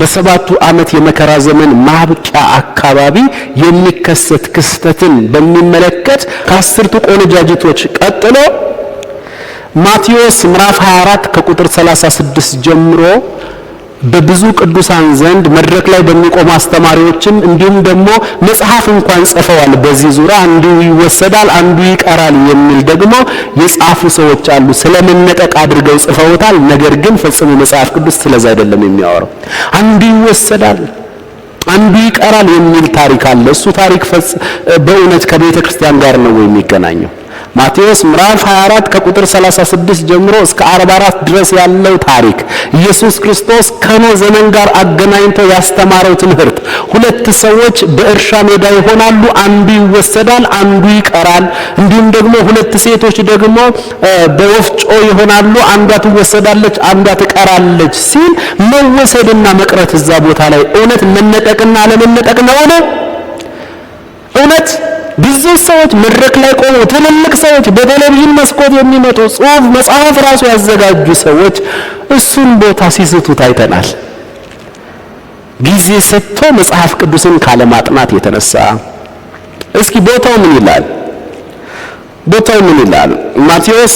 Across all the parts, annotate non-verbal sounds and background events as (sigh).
በሰባቱ ዓመት የመከራ ዘመን ማብቂያ አካባቢ የሚከሰት ክስተትን በሚመለከት ከአስርቱ ቆነጃጅቶች ቀጥሎ ማቴዎስ ምዕራፍ 24 ከቁጥር 36 ጀምሮ በብዙ ቅዱሳን ዘንድ መድረክ ላይ በሚቆሙ አስተማሪዎችም እንዲሁም ደግሞ መጽሐፍ እንኳን ጽፈዋል። በዚህ ዙሪያ አንዱ ይወሰዳል፣ አንዱ ይቀራል የሚል ደግሞ የጻፉ ሰዎች አሉ። ስለመነጠቅ አድርገው ጽፈውታል። ነገር ግን ፈጽሞ መጽሐፍ ቅዱስ ስለዛ አይደለም የሚያወራው። አንዱ ይወሰዳል፣ አንዱ ይቀራል የሚል ታሪክ አለ። እሱ ታሪክ በእውነት ከቤተ ክርስቲያን ጋር ነው የሚገናኘው? ማቴዎስ ምዕራፍ 24 ከቁጥር 36 ጀምሮ እስከ 44 ድረስ ያለው ታሪክ ኢየሱስ ክርስቶስ ከኖ ዘመን ጋር አገናኝቶ ያስተማረው ትምህርት ሁለት ሰዎች በእርሻ ሜዳ ይሆናሉ፣ አንዱ ይወሰዳል፣ አንዱ ይቀራል። እንዲሁም ደግሞ ሁለት ሴቶች ደግሞ በወፍጮ ይሆናሉ፣ አንዷ ትወሰዳለች፣ አንዷ ትቀራለች ሲል መወሰድና መቅረት እዛ ቦታ ላይ እውነት መነጠቅና አለመነጠቅ ነው። እውነት ብዙ ሰዎች መድረክ ላይ ቆሙ፣ ትልልቅ ሰዎች፣ በቴሌቪዥን መስኮት የሚመጡ ጽሁፍ መጽሐፍ ራሱ ያዘጋጁ ሰዎች እሱን ቦታ ሲስቱ ታይተናል። ጊዜ ሰጥቶ መጽሐፍ ቅዱስን ካለማጥናት የተነሳ እስኪ ቦታው ምን ይላል? ቦታው ምን ይላል? ማቴዎስ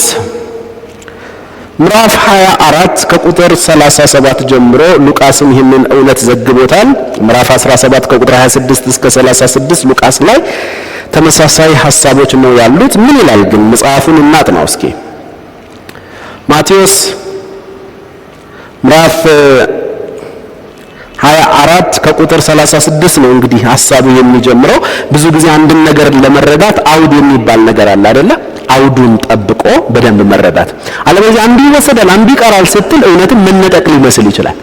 ምዕራፍ 24 ከቁጥር 37 ጀምሮ ሉቃስም ይህንን እውነት ዘግቦታል። ምዕራፍ 17 ከቁጥር 26 እስከ 36 ሉቃስ ላይ ተመሳሳይ ሀሳቦች ነው ያሉት። ምን ይላል ግን መጽሐፉን እናጥናው እስኪ። ማቴዎስ ምዕራፍ 24 ከቁጥር 36 ነው እንግዲህ ሐሳቡ የሚጀምረው። ብዙ ጊዜ አንድን ነገር ለመረዳት አውድ የሚባል ነገር አለ አይደለ? አውዱን ጠብቆ በደንብ መረዳት። አለበለዚያ አንዱ ይወሰዳል፣ አንዱ ይቀራል ስትል እውነትም መነጠቅ ሊመስል ይችላል።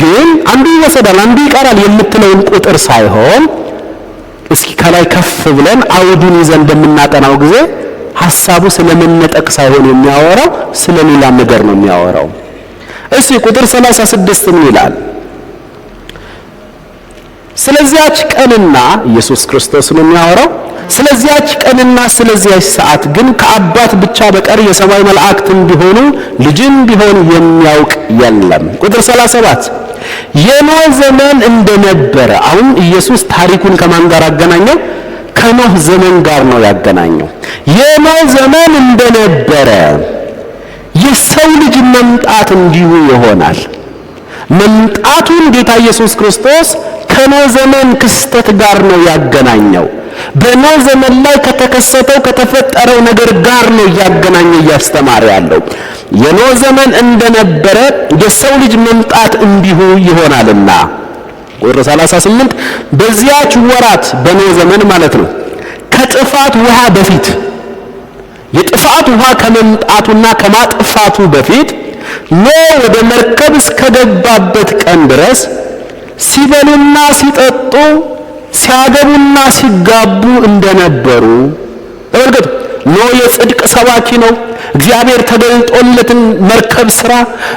ግን አንዱ ይወሰዳል፣ አንዱ ይቀራል የምትለውን ቁጥር ሳይሆን እስኪ ከላይ ከፍ ብለን አውዱን ይዘን በምናጠናው ጊዜ ሐሳቡ ስለመነጠቅ ሳይሆን የሚያወራው ስለሌላ ነገር ነው የሚያወራው። እስቲ ቁጥር 36 ምን ይላል? ስለዚያች ቀንና ኢየሱስ ክርስቶስ ነው የሚያወራው። ስለዚያች ቀንና ስለዚያች ሰዓት ግን ከአባት ብቻ በቀር የሰማይ መላእክትም ቢሆኑ ልጅም ቢሆን የሚያውቅ የለም። ቁጥር 37 የኖህ ዘመን እንደነበረ አሁን ኢየሱስ ታሪኩን ከማን ጋር አገናኘው? ከኖህ ዘመን ጋር ነው ያገናኘው። የኖህ ዘመን እንደነበረ የሰው ልጅ መምጣት እንዲሁ ይሆናል። መምጣቱን ጌታ ኢየሱስ ክርስቶስ ከኖህ ዘመን ክስተት ጋር ነው ያገናኘው። በኖህ ዘመን ላይ ከተከሰተው ከተፈጠረው ነገር ጋር ነው እያገናኘ እያስተማረ ያለው። የኖ ዘመን እንደነበረ የሰው ልጅ መምጣት እንዲሁ ይሆናልና። ቁጥር 38 በዚያች ወራት በኖ ዘመን ማለት ነው ከጥፋት ውሃ በፊት የጥፋት ውሃ ከመምጣቱና ከማጥፋቱ በፊት ኖ ወደ መርከብ እስከገባበት ቀን ድረስ ሲበሉና ሲጠጡ ሲያገቡና ሲጋቡ እንደነበሩ ተመልከቱ። ኖ የጽድቅ ሰባኪ ነው። እግዚአብሔር ተገልጦለትን መርከብ ስራ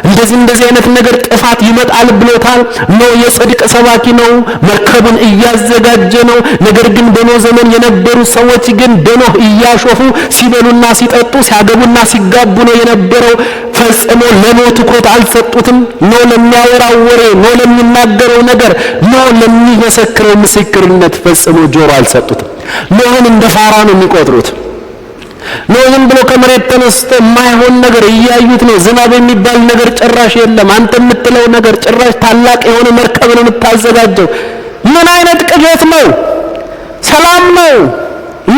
እንደዚህ እንደዚህ አይነት ነገር ጥፋት ይመጣል ብሎታል። ኖ የጽድቅ ሰባኪ ነው። መርከቡን እያዘጋጀ ነው። ነገር ግን በኖ ዘመን የነበሩ ሰዎች ግን በኖህ እያሾፉ ሲበሉና ሲጠጡ ሲያገቡና ሲጋቡ ነው የነበረው። ፈጽሞ ለኖህ ትኩረት አልሰጡትም። ኖ ለሚያወራው ወሬ፣ ለሚናገረው ነገር፣ ኖ ለሚመሰክረው ምስክርነት ፈጽሞ ጆሮ አልሰጡትም። ኖህን እንደ ፋራ ነው የሚቆጥሩት። ኖ ዝም ብሎ ከመሬት ተነስተ የማይሆን ነገር እያዩት ነው። ዝናብ የሚባል ነገር ጭራሽ የለም። አንተ የምትለው ነገር ጭራሽ ታላቅ የሆነ መርከብ ነው የምታዘጋጀው። ምን አይነት ቅዠት ነው? ሰላም ነው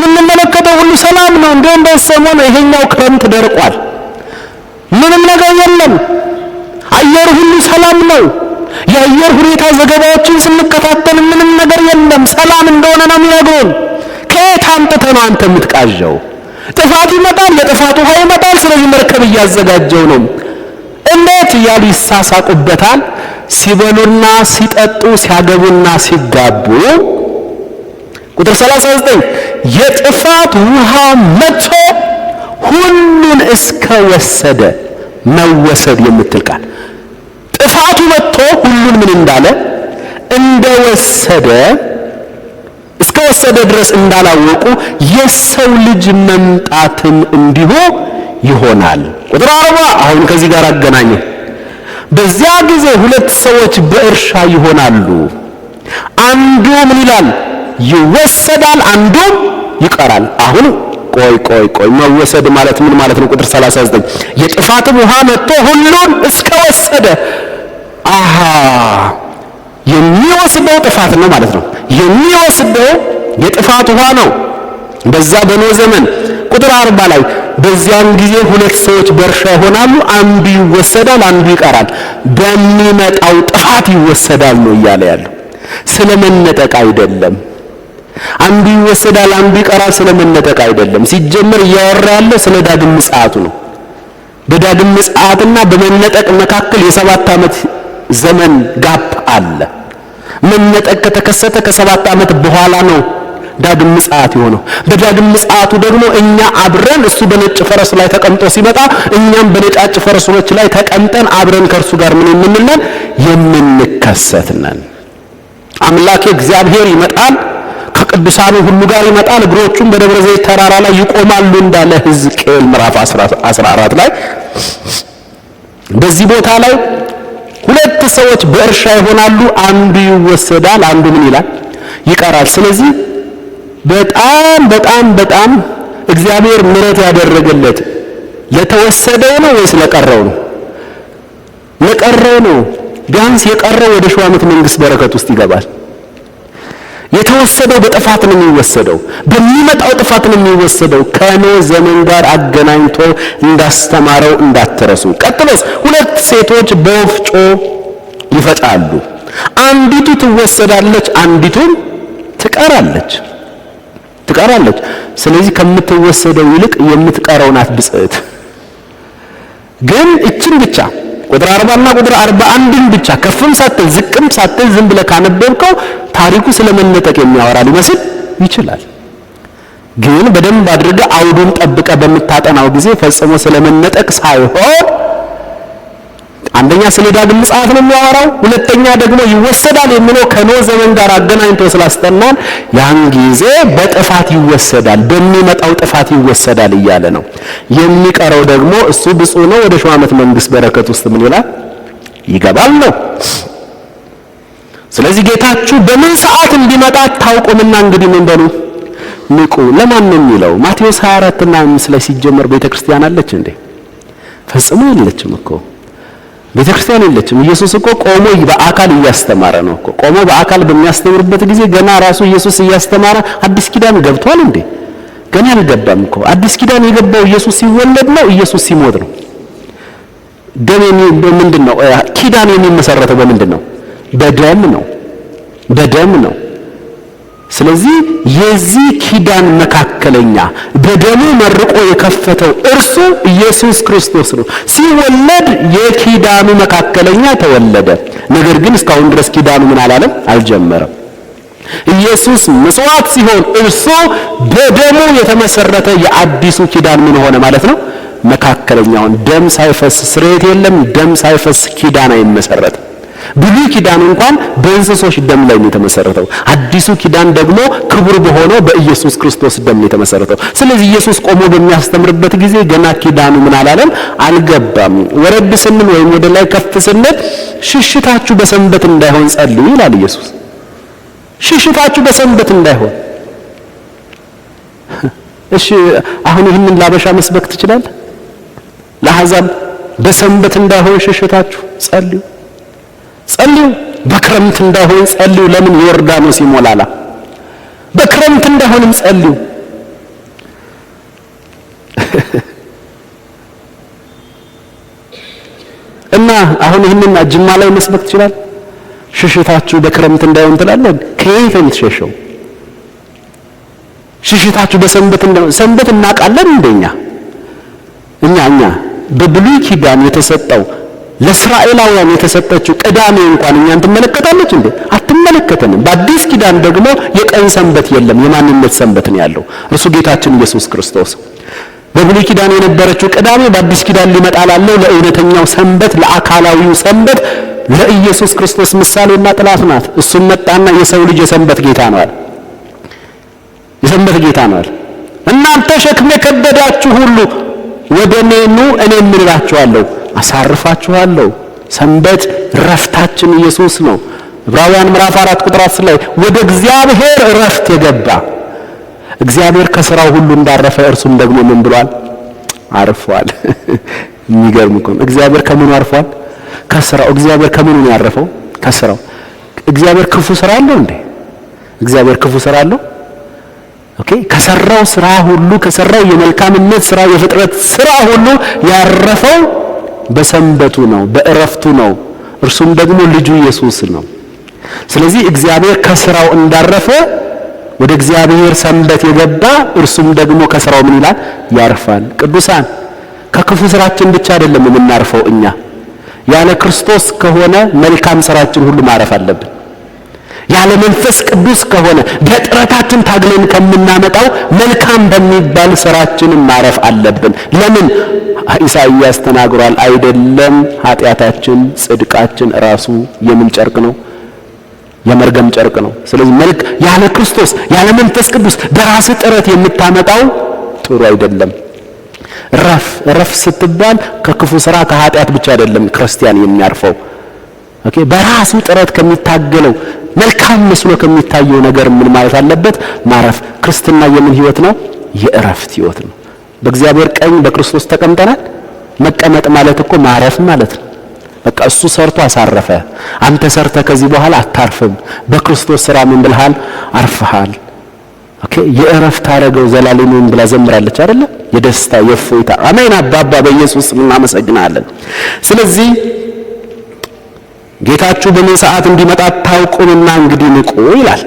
የምንመለከተው ሁሉ ሰላም ነው። እንደውም በሰሞኑ ይሄኛው ክረምት ደርቋል። ምንም ነገር የለም። አየር ሁሉ ሰላም ነው። የአየር ሁኔታ ዘገባዎችን ስንከታተል ምንም ነገር የለም። ሰላም እንደሆነ ነው የሚነግሩን። ከየት አምጥተህ ነው አንተ የምትቃዣው? ጥፋት ይመጣል፣ የጥፋት ውሃ ይመጣል። ስለዚህ መርከብ እያዘጋጀው ነው። እንዴት እያሉ ይሳሳቁበታል። ሲበሉና ሲጠጡ ሲያገቡና ሲጋቡ ቁጥር 39 የጥፋት ውሃ መጥቶ ሁሉን እስከ ወሰደ። መወሰድ የምትል ቃል ጥፋቱ መጥቶ ሁሉን ምን እንዳለ እንደወሰደ እስከወሰደ ድረስ እንዳላወቁ የሰው ልጅ መምጣትም እንዲሁ ይሆናል። ቁጥር አርባ አሁን ከዚህ ጋር አገናኘ። በዚያ ጊዜ ሁለት ሰዎች በእርሻ ይሆናሉ፣ አንዱ ምን ይላል? ይወሰዳል፣ አንዱም ይቀራል። አሁን ቆይ ቆይ ቆይ፣ መወሰድ ማለት ምን ማለት ነው? ቁጥር 39 የጥፋትም ውሃ መጥቶ ሁሉን እስከወሰደ። አሃ የሚወስደው ጥፋት ነው ማለት ነው። የሚወስደው የጥፋት ውሃ ነው። በዛ በኖህ ዘመን ቁጥር አርባ ላይ በዚያን ጊዜ ሁለት ሰዎች በእርሻ ይሆናሉ፣ አንዱ ይወሰዳል፣ አንዱ ይቀራል፣ በሚመጣው ጥፋት ይወሰዳል ነው እያለ ያለ። ስለመነጠቅ አይደለም። አንዱ ይወሰዳል፣ አንዱ ይቀራል፣ ስለመነጠቅ አይደለም። ሲጀመር እያወራ ያለው ስለ ዳግም ምጽአቱ ነው። በዳግም ምጽአትና በመነጠቅ መካከል የሰባት ዓመት ዘመን ጋፕ አለ። መነጠቅ ከተከሰተ ከሰባት ዓመት በኋላ ነው ዳግም ምጽአት የሆነው። በዳግም ምጽአቱ ደግሞ እኛ አብረን እሱ በነጭ ፈረስ ላይ ተቀምጦ ሲመጣ እኛም በነጫጭ ፈረሶች ላይ ተቀምጠን አብረን ከእርሱ ጋር ምን የምንለን የምንከሰት ነን። አምላኬ እግዚአብሔር ይመጣል ከቅዱሳኑ ሁሉ ጋር ይመጣል። እግሮቹም በደብረ ዘይት ተራራ ላይ ይቆማሉ እንዳለ ሕዝቅኤል ምዕራፍ 14 ላይ በዚህ ቦታ ላይ ሁለት ሰዎች በእርሻ ይሆናሉ፣ አንዱ ይወሰዳል፣ አንዱ ምን ይላል ይቀራል። ስለዚህ በጣም በጣም በጣም እግዚአብሔር ምሕረት ያደረገለት ለተወሰደው ነው ወይስ ለቀረው ነው? ለቀረው ነው። ቢያንስ የቀረው ወደ ሺህ ዓመት መንግስት በረከት ውስጥ ይገባል። የተወሰደው በጥፋት ነው የሚወሰደው፣ በሚመጣው ጥፋት ነው የሚወሰደው። ከኔ ዘመን ጋር አገናኝቶ እንዳስተማረው እንዳትረሱ። ቀጥሎስ ሁለት ሴቶች በወፍጮ ይፈጫሉ። አንዲቱ ትወሰዳለች፣ አንዲቱም ትቀራለች ትቀራለች። ስለዚህ ከምትወሰደው ይልቅ የምትቀረው ናት ብጽዕት። ግን እችን ብቻ ቁጥር 40 እና ቁጥር 41ን ብቻ ከፍም ሳትል ዝቅም ሳትል ዝም ብለህ ካነበብከው ታሪኩ ስለመነጠቅ የሚያወራ ሊመስል ይችላል። ግን በደንብ አድርገህ አውዱን ጠብቀህ በምታጠናው ጊዜ ፈጽሞ ስለመነጠቅ ሳይሆን አንደኛ ሰሌዳ ዳግም ነው የሚያወራው፣ ሁለተኛ ደግሞ ይወሰዳል የሚለው ከኖ ዘመን ጋር አገናኝቶ ስላስጠናን ያን ጊዜ በጥፋት ይወሰዳል፣ በሚመጣው ጥፋት ይወሰዳል እያለ ነው። የሚቀረው ደግሞ እሱ ብፁዕ ነው፣ ወደ ሺህ ዓመት መንግስት በረከት ውስጥ ምን ይላል ይገባል ነው። ስለዚህ ጌታችሁ በምን ሰዓት እንዲመጣ ታውቁምና እንግዲህ ምን በሉ ንቁ። ለማን ነው የሚለው? ማቴዎስ 24 እና 5 ላይ ሲጀመር ቤተክርስቲያን አለች እንዴ? ፈጽሞ የለችም እኮ ቤተክርስቲያን የለችም። ኢየሱስ እኮ ቆሞ በአካል እያስተማረ ነው እኮ ቆሞ በአካል በሚያስተምርበት ጊዜ ገና ራሱ ኢየሱስ እያስተማረ አዲስ ኪዳን ገብቷል እንዴ? ገና አልገባም እኮ። አዲስ ኪዳን የገባው ኢየሱስ ሲወለድ ነው፣ ኢየሱስ ሲሞት ነው። ደም ምንድን ነው? ኪዳን የሚመሰረተው በምንድን ነው? በደም ነው፣ በደም ነው። ስለዚህ የዚህ ኪዳን መካከለኛ በደሙ መርቆ የከፈተው እርሱ ኢየሱስ ክርስቶስ ነው። ሲወለድ የኪዳኑ መካከለኛ ተወለደ። ነገር ግን እስካሁን ድረስ ኪዳኑ ምን አላለም? አልጀመረም። ኢየሱስ መስዋዕት ሲሆን እርሱ በደሙ የተመሰረተ የአዲሱ ኪዳን ምን ሆነ ማለት ነው? መካከለኛውን። ደም ሳይፈስ ስርየት የለም። ደም ሳይፈስ ኪዳን አይመሰረትም። ብሉይ ኪዳን እንኳን በእንስሶች ደም ላይ ነው የተመሰረተው። አዲሱ ኪዳን ደግሞ ክቡር በሆነው በኢየሱስ ክርስቶስ ደም ነው የተመሰረተው። ስለዚህ ኢየሱስ ቆሞ በሚያስተምርበት ጊዜ ገና ኪዳኑ ምን አላለም አልገባም። ወረድ ስንል ወይም ወደ ላይ ከፍ ስንል ሽሽታችሁ በሰንበት እንዳይሆን ጸልዩ ይላል ኢየሱስ። ሽሽታችሁ በሰንበት እንዳይሆን። (laughs) እሺ አሁን ይህንን ላበሻ መስበክ ትችላል? ለአሕዛብ በሰንበት እንዳይሆን ሽሽታችሁ ጸልዩ ጸልዩ። በክረምት እንዳይሆን ጸልዩ። ለምን ዮርዳኖስ ይሞላላ። በክረምት እንዳይሆንም ጸልዩ። (laughs) እና አሁን ይህንን ጅማ ላይ መስበክ ትችላል። ሽሽታችሁ በክረምት እንዳይሆን ትላለህ። ከየት ነው የምትሸሸው? ሽሽታችሁ በሰንበት እንዳይሆን ሰንበት እናውቃለን። እንደኛ እኛ እኛ በብሉይ ኪዳን የተሰጠው ለእስራኤላውያን የተሰጠችው ቅዳሜ እንኳን እኛን ትመለከታለች እንዴ? አትመለከተንም። በአዲስ ኪዳን ደግሞ የቀን ሰንበት የለም፣ የማንነት ሰንበት ነው ያለው እርሱ ጌታችን ኢየሱስ ክርስቶስ። በብሉይ ኪዳን የነበረችው ቅዳሜ በአዲስ ኪዳን ሊመጣ ላለው ለእውነተኛው ሰንበት፣ ለአካላዊው ሰንበት ለኢየሱስ ክርስቶስ ምሳሌና ጥላት ናት። እሱም መጣና የሰው ልጅ የሰንበት ጌታ ነዋል፣ የሰንበት ጌታ ነዋል። እናንተ ሸክም የከበዳችሁ ሁሉ ወደ እኔ ኑ፣ እኔ እምራችኋለሁ አሳርፋችኋለሁ። ሰንበት ረፍታችን ኢየሱስ ነው። ዕብራውያን ምዕራፍ 4 ቁጥር 10 ላይ ወደ እግዚአብሔር ረፍት የገባ እግዚአብሔር ከሥራው ሁሉ እንዳረፈ እርሱም ደግሞ ምን ብሏል? አርፏል። (laughs) የሚገርም እኮ ነው። እግዚአብሔር ከምኑ አርፏል? ከሥራው። እግዚአብሔር ከምኑ ነው ያረፈው? ከሥራው። እግዚአብሔር ክፉ ሥራ አለው እንዴ? እግዚአብሔር ክፉ ሥራ አለው? ኦኬ። ከሰራው ሥራ ሁሉ ከሰራው የመልካምነት ሥራ የፍጥረት ሥራ ሁሉ ያረፈው በሰንበቱ ነው፣ በእረፍቱ ነው። እርሱም ደግሞ ልጁ ኢየሱስ ነው። ስለዚህ እግዚአብሔር ከስራው እንዳረፈ ወደ እግዚአብሔር ሰንበት የገባ እርሱም ደግሞ ከስራው ምን ይላል? ያርፋል። ቅዱሳን ከክፉ ስራችን ብቻ አይደለም የምናርፈው እኛ። ያለ ክርስቶስ ከሆነ መልካም ስራችን ሁሉ ማረፍ አለብን። ያለ መንፈስ ቅዱስ ከሆነ በጥረታችን ታግለን ከምናመጣው መልካም በሚባል ስራችን ማረፍ አለብን። ለምን ኢሳይያስ ተናግሯል አይደለም? ኃጢአታችን ጽድቃችን ራሱ የምን ጨርቅ ነው? የመርገም ጨርቅ ነው። ስለዚህ መልክ ያለ ክርስቶስ ያለ መንፈስ ቅዱስ በራስ ጥረት የምታመጣው ጥሩ አይደለም። ረፍ ረፍ ስትባል ከክፉ ስራ ከኃጢአት ብቻ አይደለም ክርስቲያን የሚያርፈው ኦኬ በራሱ ጥረት ከሚታገለው መልካም መስሎ ከሚታየው ነገር ምን ማለት አለበት? ማረፍ። ክርስትና የምን ህይወት ነው? የእረፍት ህይወት ነው። በእግዚአብሔር ቀኝ በክርስቶስ ተቀምጠናል። መቀመጥ ማለት እኮ ማረፍ ማለት ነው። በቃ እሱ ሰርቶ አሳረፈ። አንተ ሰርተ ከዚህ በኋላ አታርፍም። በክርስቶስ ስራ ምን ብልሃል? አርፈሃል። ኦኬ የእረፍት አረገው ምን ብላ ዘምራለች አይደለ? የደስታ የእፎይታ አሜን። አባባ በኢየሱስ እናመሰግናለን። ስለዚህ ጌታችሁ በምን ሰዓት እንዲመጣ ታውቁምና እንግዲህ ንቁ ይላል።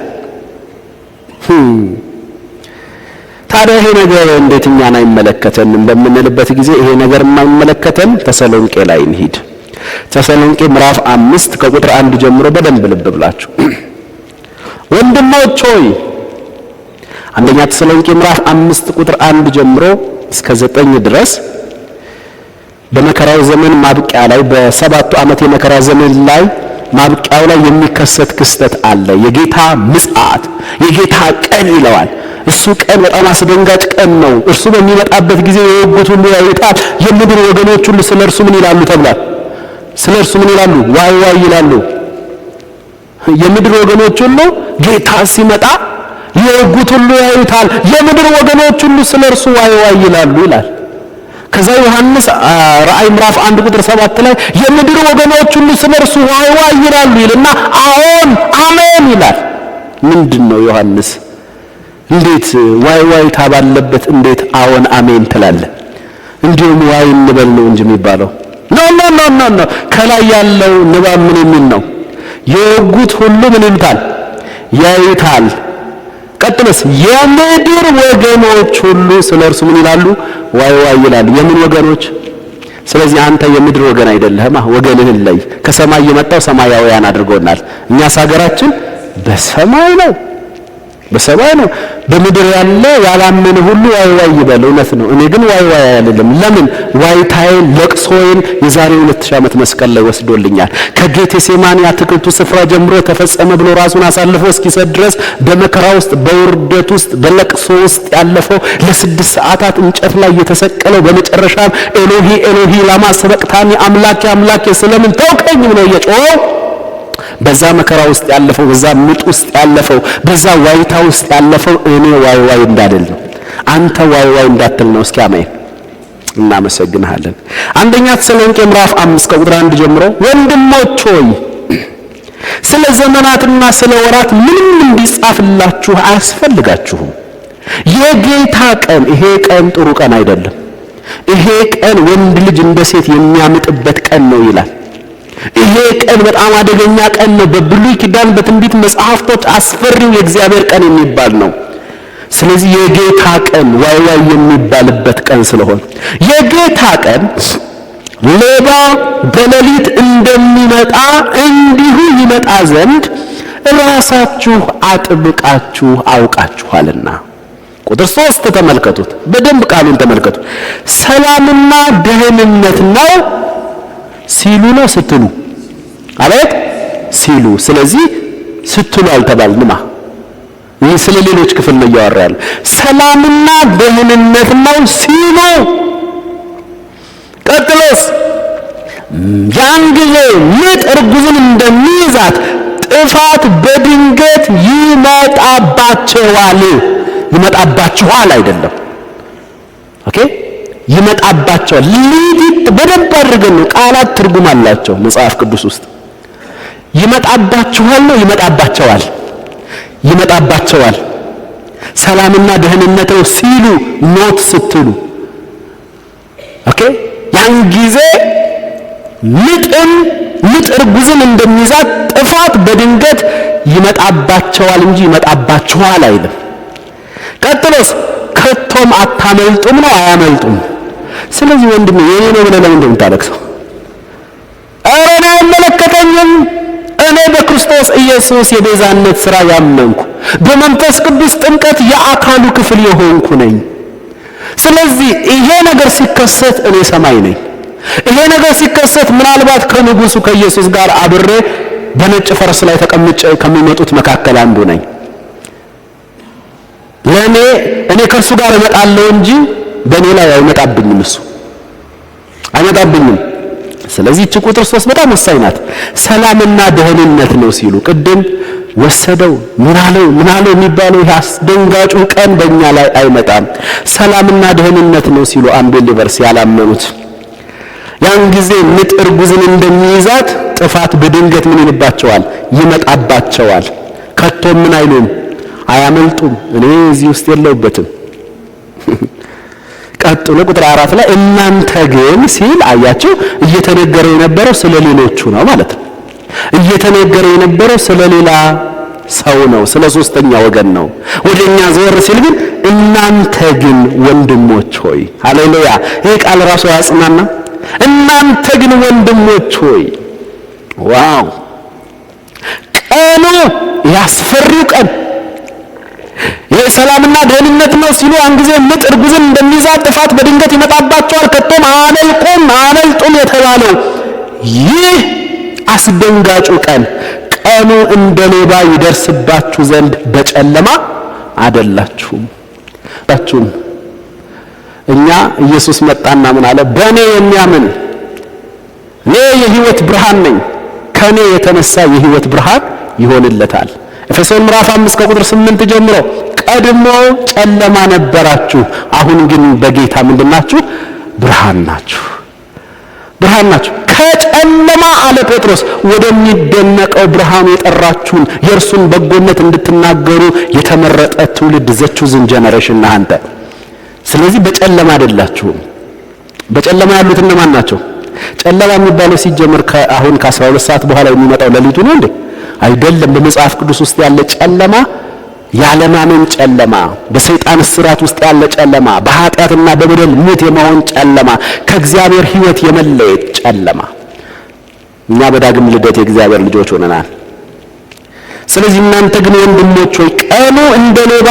ታዲያ ይሄ ነገር እንዴት እኛን አይመለከተንም በምንልበት ጊዜ ይሄ ነገር የማይመለከተን ተሰሎንቄ ላይ እንሂድ። ተሰሎንቄ ምዕራፍ አምስት ከቁጥር አንድ ጀምሮ በደንብ ልብ ብላችሁ ወንድሞች ሆይ አንደኛ ተሰሎንቄ ምዕራፍ አምስት ቁጥር አንድ ጀምሮ እስከ ዘጠኝ ድረስ በመከራው ዘመን ማብቂያ ላይ በሰባቱ ዓመት የመከራ ዘመን ላይ ማብቂያው ላይ የሚከሰት ክስተት አለ። የጌታ ምጽአት፣ የጌታ ቀን ይለዋል። እሱ ቀን በጣም አስደንጋጭ ቀን ነው። እርሱ በሚመጣበት ጊዜ የወጉት ሁሉ ያዩታል። የምድር ወገኖች ሁሉ ስለ እርሱ ምን ይላሉ ተብሏል። ስለ እርሱ ምን ይላሉ? ዋይ ዋይ ይላሉ። የምድር ወገኖች ሁሉ ጌታ ሲመጣ የወጉት ሁሉ ያዩታል። የምድር ወገኖች ሁሉ ስለ እርሱ ዋይ ዋይ ይላሉ ይላል። ከዛ ዮሐንስ ራእይ ምዕራፍ አንድ ቁጥር ሰባት ላይ የምድር ወገኖች ሁሉ ስለ እርሱ ዋይ ዋይ ይላሉ ይልና አዎን አሜን ይላል። ምንድን ነው ዮሐንስ እንዴት ዋይ ዋይ ባለበት እንዴት አዎን አሜን ትላለ? እንዲሁም ዋይ እንበል ነው እንጂ የሚባለው ኖ ኖ ኖ ኖ ኖ። ከላይ ያለው ንባብ ምን የሚል ነው? የወጉት ሁሉ ምን ይሉታል? ያዩታል ቀጥሎስ የምድር ወገኖች ሁሉ ስለ እርሱ ምን ይላሉ? ዋይ ዋይ ይላሉ። የምን ወገኖች? ስለዚህ አንተ የምድር ወገን አይደለህማ። ወገንህን ለይ። ከሰማይ የመጣው ሰማያውያን አድርጎናል። እኛስ ሀገራችን በሰማይ ነው። በሰማይ ነው። በምድር ያለ ያላመነ ሁሉ ዋይ ዋይ ይበል። እውነት ነው። እኔ ግን ዋይ ዋይ አይደለም። ለምን ዋይታዬን፣ ለቅሶዬን የዛሬ 2000 ሺህ ዓመት መስቀል ላይ ወስዶልኛል። ከጌቴሴማኒ አትክልቱ ስፍራ ጀምሮ ተፈጸመ ብሎ ራሱን አሳልፎ እስኪሰጥ ድረስ በመከራ ውስጥ፣ በውርደት ውስጥ፣ በለቅሶ ውስጥ ያለፈው ለስድስት ሰዓታት እንጨት ላይ የተሰቀለው በመጨረሻም ኤሎሂ ኤሎሂ ላማ ሰበቅታኒ አምላኬ አምላኬ ስለምን ተውከኝ ብሎ እየጮኸው በዛ መከራ ውስጥ ያለፈው፣ በዛ ምጥ ውስጥ ያለፈው፣ በዛ ዋይታ ውስጥ ያለፈው እኔ ዋይ ዋይ እንዳልል ነው። አንተ ዋይ ዋይ እንዳትል ነው። እስኪ አሜን። እናመሰግንሃለን። አንደኛ ተሰሎንቄ ምዕራፍ አምስት ከቁጥር አንድ ጀምሮ ወንድሞች ሆይ ስለ ዘመናትና ስለ ወራት ምንም እንዲጻፍላችሁ አያስፈልጋችሁም። የጌታ ቀን ይሄ ቀን ጥሩ ቀን አይደለም፣ ይሄ ቀን ወንድ ልጅ እንደ ሴት የሚያምጥበት ቀን ነው ይላል። ይሄ ቀን በጣም አደገኛ ቀን ነው። በብሉይ ኪዳን በትንቢት መጽሐፍቶች አስፈሪው የእግዚአብሔር ቀን የሚባል ነው። ስለዚህ የጌታ ቀን ዋይ ዋይ የሚባልበት ቀን ስለሆነ የጌታ ቀን ሌባ በሌሊት እንደሚመጣ እንዲሁ ይመጣ ዘንድ ራሳችሁ አጥብቃችሁ አውቃችኋልና። ቁጥር ሶስት ተመልከቱት፣ በደንብ ቃሉን ተመልከቱ። ሰላምና ደህንነት ነው ሲሉ ነው ስትሉ አለት ሲሉ። ስለዚህ ስትሉ አልተባልንማ። ይህ ስለ ሌሎች ክፍል ነው እያወራ ያለው። ሰላምና ደህንነት ነው ሲሉ። ቀጥሎስ ያን ጊዜ ምጥ እርጉዝን እንደሚይዛት ጥፋት በድንገት ይመጣባቸዋል። ይመጣባችኋል አይደለም። ኦኬ ይመጣባቸዋል። ሊዲት በደንብ አድርገን ነው። ቃላት ትርጉም አላቸው መጽሐፍ ቅዱስ ውስጥ ይመጣባችኋል ነው ይመጣባቸዋል፣ ይመጣባቸዋል። ሰላምና ደህንነት ነው ሲሉ ኖት ስትሉ ኦኬ። ያን ጊዜ ምጥን ምጥ እርጉዝን እንደሚይዛት ጥፋት በድንገት ይመጣባቸዋል እንጂ ይመጣባችኋል አይልም። ቀጥሎስ ከቶም አታመልጡም ነው አያመልጡም። ስለዚህ ወንድሜ የኔ ነው ብለህ ለምን እንደምታለቅሰው? ኧረ እኔ አይመለከተኝም። እኔ በክርስቶስ ኢየሱስ የቤዛነት ሥራ ያመንኩ በመንፈስ ቅዱስ ጥምቀት የአካሉ ክፍል የሆንኩ ነኝ። ስለዚህ ይሄ ነገር ሲከሰት እኔ ሰማይ ነኝ። ይሄ ነገር ሲከሰት ምናልባት ከንጉሱ ከኢየሱስ ጋር አብሬ በነጭ ፈረስ ላይ ተቀምጬ ከሚመጡት መካከል አንዱ ነኝ። ለእኔ እኔ ከእርሱ ጋር እመጣለሁ እንጂ በእኔ ላይ አይመጣብኝም፣ እሱ አይመጣብኝም። ስለዚህ እቺ ቁጥር ሶስት በጣም ወሳኝ ናት። ሰላምና ደህንነት ነው ሲሉ ቅድም ወሰደው ምናለው ምናለው የሚባለው ይህ አስደንጋጩ ቀን በእኛ ላይ አይመጣም። ሰላምና ደህንነት ነው ሲሉ አምቢሊቨርስ ያላመኑት ያን ጊዜ ምጥ እርጉዝን እንደሚይዛት ጥፋት በድንገት ምን ይልባቸዋል? ይመጣባቸዋል። ከቶም ምን አይሉም፣ አያመልጡም። እኔ እዚህ ውስጥ የለውበትም። (laughs) ቀጥሎ ቁጥር አራት ላይ እናንተ ግን ሲል አያቸው እየተነገረ የነበረው ስለ ሌሎቹ ነው ማለት ነው። እየተነገረ የነበረው ስለ ሌላ ሰው ነው፣ ስለ ሶስተኛ ወገን ነው። ወደ እኛ ዘወር ሲል ግን እናንተ ግን ወንድሞች ሆይ፣ ሃሌሉያ! ይሄ ቃል ራሱ ያጽናና። እናንተ ግን ወንድሞች ሆይ፣ ዋው! ቀኑ ያስፈሪው ቀን ይህ ሰላምና ደህንነት ነው ሲሉ ያን ጊዜ ምጥ እርጉዝን ጥፋት በድንገት ይመጣባቸዋል። ከቶም አያመልጡም አያመልጡም የተባለው ይህ አስደንጋጩ ቀን ቀኑ እንደ ሌባ ይደርስባችሁ ዘንድ በጨለማ አይደላችሁም ባችሁም እኛ ኢየሱስ መጣና ምን አለ? በእኔ የሚያምን እኔ የህይወት ብርሃን ነኝ፣ ከእኔ የተነሳ የህይወት ብርሃን ይሆንለታል። ኤፌሶን ምዕራፍ 5 ከቁጥር 8 ጀምሮ ቀድሞ ጨለማ ነበራችሁ፣ አሁን ግን በጌታ ምንድናችሁ? ብርሃን ናችሁ፣ ብርሃን ናችሁ። ከጨለማ አለ ጴጥሮስ ወደሚደነቀው ብርሃኑ የጠራችሁን የእርሱን በጎነት እንድትናገሩ የተመረጠ ትውልድ ዝን ጀነሬሽን ነህ ስለዚህ በጨለማ አይደላችሁም። በጨለማ ያሉት እነማን ናቸው? ጨለማ የሚባለው ሲጀምር አሁን ከ ሁለት ሰዓት በኋላ የሚመጣው ሌሊቱ ነው እንዴ? አይደለም። በመጽሐፍ ቅዱስ ውስጥ ያለ ጨለማ ያለማመን ጨለማ፣ በሰይጣን እስራት ውስጥ ያለ ጨለማ፣ በኃጢአትና በበደል ምት የመሆን ጨለማ፣ ከእግዚአብሔር ሕይወት የመለየት ጨለማ። እኛ በዳግም ልደት የእግዚአብሔር ልጆች ሆነናል። ስለዚህ እናንተ ግን ወንድሞች ሆይ ቀኑ እንደ ሌባ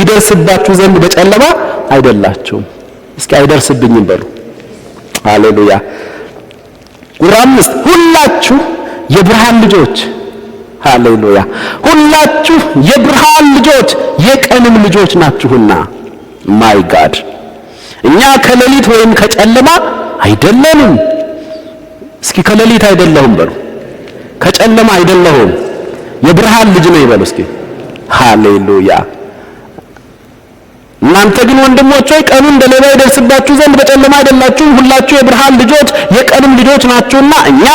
ይደርስባችሁ ዘንድ በጨለማ አይደላችሁም። እስኪ አይደርስብኝም በሉ። ሃሌሉያ። ቁጥር አምስት ሁላችሁ የብርሃን ልጆች ሃሌሉያ! ሁላችሁ የብርሃን ልጆች የቀንም ልጆች ናችሁና። ማይ ጋድ እኛ ከሌሊት ወይም ከጨለማ አይደለንም። እስኪ ከሌሊት አይደለሁም በሉ፣ ከጨለማ አይደለሁም፣ የብርሃን ልጅ ነው ይበሉ እስኪ። ሃሌሉያ! እናንተ ግን ወንድሞች ሆይ ቀኑ እንደ ሌባ ይደርስባችሁ ዘንድ በጨለማ አይደላችሁም፣ ሁላችሁ የብርሃን ልጆች የቀንም ልጆች ናችሁና እኛ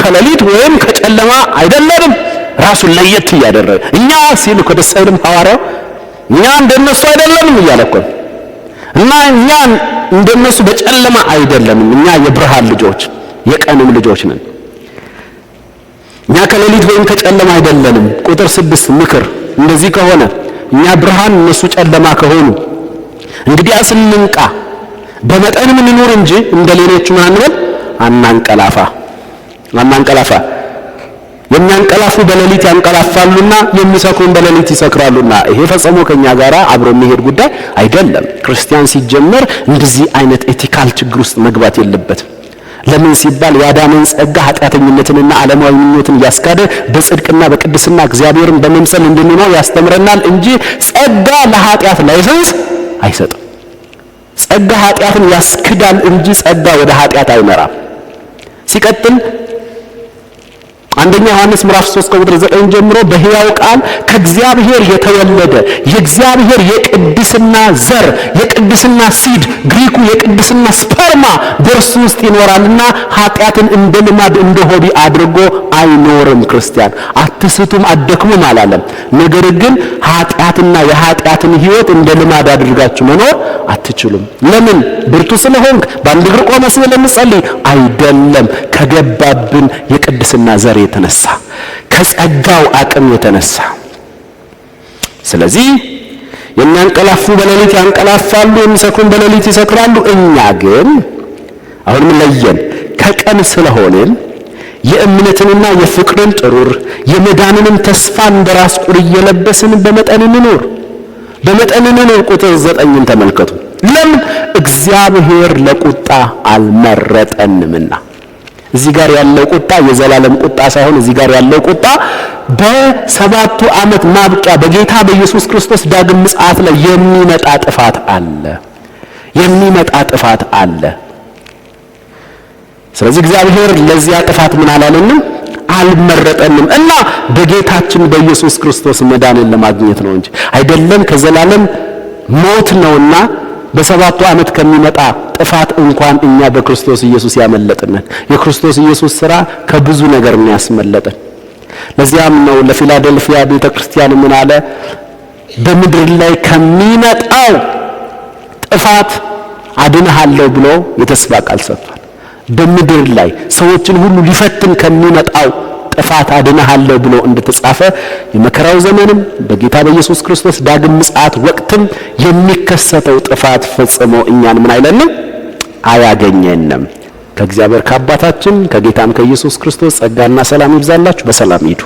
ከሌሊት ወይም ከጨለማ አይደለንም። ራሱን ለየት እያደረገ እኛ ሲሉ ቅዱስ ጳውሎስ ሐዋርያው እኛ እንደነሱ አይደለንም እያለ እኮ እና እኛ እንደነሱ በጨለማ አይደለንም። እኛ የብርሃን ልጆች የቀንም ልጆች ነን። እኛ ከሌሊት ወይም ከጨለማ አይደለንም። ቁጥር ስድስት ምክር እንደዚህ ከሆነ እኛ ብርሃን እነሱ ጨለማ ከሆኑ እንግዲያስ እንንቃ፣ በመጠንም እንኑር እንጂ እንደ ሌሎቹ ማንበል አናንቀላፋ አናንቀላፋ የሚያንቀላፉ በሌሊት ያንቀላፋሉና የሚሰክሩን በሌሊት ይሰክራሉና ይሄ ፈጽሞ ከኛ ጋር አብሮ የሚሄድ ጉዳይ አይደለም። ክርስቲያን ሲጀመር እንደዚህ አይነት ኤቲካል ችግር ውስጥ መግባት የለበትም። ለምን ሲባል የአዳምን ጸጋ ኃጢአተኝነትንና ዓለማዊ ምኞትን እያስካደ በጽድቅና በቅድስና እግዚአብሔርን በመምሰል እንድንኖር ያስተምረናል እንጂ ጸጋ ለኃጢአት ላይሰንስ አይሰጥም። ጸጋ ኃጢአትን ያስክዳል እንጂ ጸጋ ወደ ኃጢአት አይመራም። ሲቀጥል አንደኛ ዮሐንስ ምዕራፍ 3 ከቁጥር 9 ጀምሮ በሕያው ቃል ከእግዚአብሔር የተወለደ የእግዚአብሔር የቅድስና ዘር የቅድስና ሲድ ግሪኩ የቅድስና ስፐርማ በእርሱ ውስጥ ይኖራልና ኃጢአትን እንደ ልማድ እንደ ሆቢ አድርጎ አይኖርም። ክርስቲያን አትስቱም አደክሙ አላለም። ነገር ግን ኃጢአትና የኃጢአትን ሕይወት እንደ ልማድ አድርጋችሁ መኖር አትችሉም። ለምን? ብርቱ ስለሆንክ በአንድ እግር ቆመ ስብለን አይደለም። ከገባብን የቅድስና ዘር የተነሳ ከጸጋው አቅም የተነሳ ስለዚህ የሚያንቀላፉ በሌሊት ያንቀላፋሉ፣ የሚሰክሩን በሌሊት ይሰክራሉ። እኛ ግን አሁንም ለየን ከቀን ስለሆንን የእምነትንና የፍቅርን ጥሩር የመዳንንም ተስፋ እንደራስ ቁር እየለበስን በመጠን እንኖር በመጠን እንኖር። ቁጥር ዘጠኝን ተመልከቱ። ለምን? እግዚአብሔር ለቁጣ አልመረጠንምና እዚህ ጋር ያለው ቁጣ የዘላለም ቁጣ ሳይሆን እዚህ ጋር ያለው ቁጣ በሰባቱ ዓመት ማብቂያ በጌታ በኢየሱስ ክርስቶስ ዳግም ምጽአት ላይ የሚመጣ ጥፋት አለ፣ የሚመጣ ጥፋት አለ። ስለዚህ እግዚአብሔር ለዚያ ጥፋት ምን አላለንም? አልመረጠንም እና በጌታችን በኢየሱስ ክርስቶስ መዳንን ለማግኘት ነው እንጂ አይደለም ከዘላለም ሞት ነውና በሰባቱ ዓመት ከሚመጣ ጥፋት እንኳን እኛ በክርስቶስ ኢየሱስ ያመለጥነን። የክርስቶስ ኢየሱስ ሥራ ከብዙ ነገር ነው ያስመለጠን። ለዚያም ነው ለፊላደልፊያ ቤተ ክርስቲያን ምን አለ? በምድር ላይ ከሚመጣው ጥፋት አድንሃለሁ ብሎ የተስፋ ቃል ሰጥቷል። በምድር ላይ ሰዎችን ሁሉ ሊፈትን ከሚመጣው ጥፋት አድነሃለሁ ብሎ እንደተጻፈ የመከራው ዘመንም በጌታ በኢየሱስ ክርስቶስ ዳግም ምጽአት ወቅትም የሚከሰተው ጥፋት ፈጽሞ እኛን ምን አይለንም አያገኘንም። ከእግዚአብሔር ከአባታችን ከጌታም ከኢየሱስ ክርስቶስ ጸጋና ሰላም ይብዛላችሁ። በሰላም ሂዱ።